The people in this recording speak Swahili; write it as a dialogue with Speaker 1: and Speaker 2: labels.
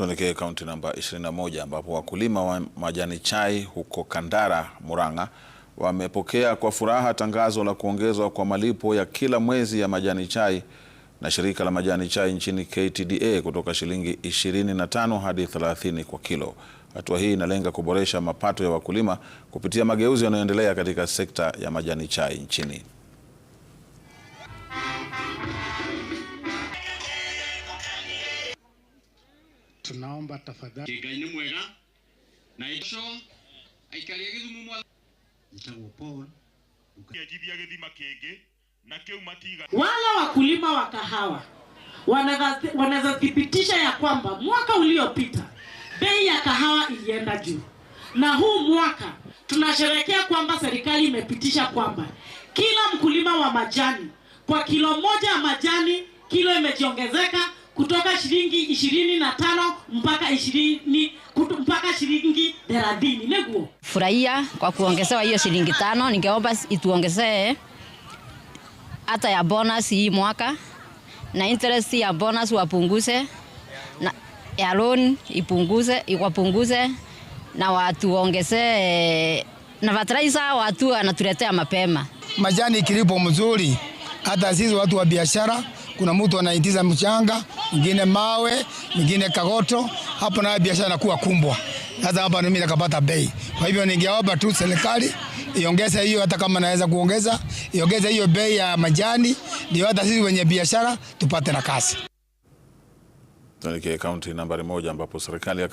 Speaker 1: Tuelekee kaunti namba 21 ambapo wakulima wa majani chai huko Kandara, Murang'a wamepokea kwa furaha tangazo la kuongezwa kwa malipo ya kila mwezi ya majani chai na shirika la majani chai nchini KTDA kutoka shilingi 25 hadi 30 kwa kilo. Hatua hii inalenga kuboresha mapato ya wakulima kupitia mageuzi yanayoendelea katika sekta ya majani chai nchini.
Speaker 2: tunaomba tafadhali
Speaker 3: Ngai ni mwega na ico aikari a githumu mwa
Speaker 4: nitagwo Paul
Speaker 5: ya githima kingi na keu matiga
Speaker 6: wala wakulima wa kahawa wanaweza wanazathibitisha ya kwamba mwaka uliopita bei ya kahawa ilienda juu, na huu mwaka tunasherehekea kwamba serikali imepitisha kwamba kila mkulima wa majani kwa kilo moja ya majani kilo imejiongezeka kutoka shilingi ishirini na tano mpaka ishirini mpaka shilingi thelathini. Niguo
Speaker 7: furahia kwa kuongezewa hiyo shilingi tano. Ningeomba ituongezee hata ya bonus hii mwaka na interest ya bonus wapunguze na ya loan ipunguze iwapunguze na watu ongezee na fertilizer watu anatuletea mapema.
Speaker 8: Majani kilipo mzuri, hata sisi watu wa biashara kuna mtu anaingiza mchanga, mwingine mawe, mwingine kagoto, hapo nayo biashara inakuwa kumbwa. Sasa hapa mimi nikapata bei. Kwa hivyo ningeomba tu serikali iongeze hiyo, hata kama naweza kuongeza, iongeze hiyo bei ya majani, ndio hata sisi wenye biashara tupate na kasi. Tuelekee kaunti nambari moja ambapo serikali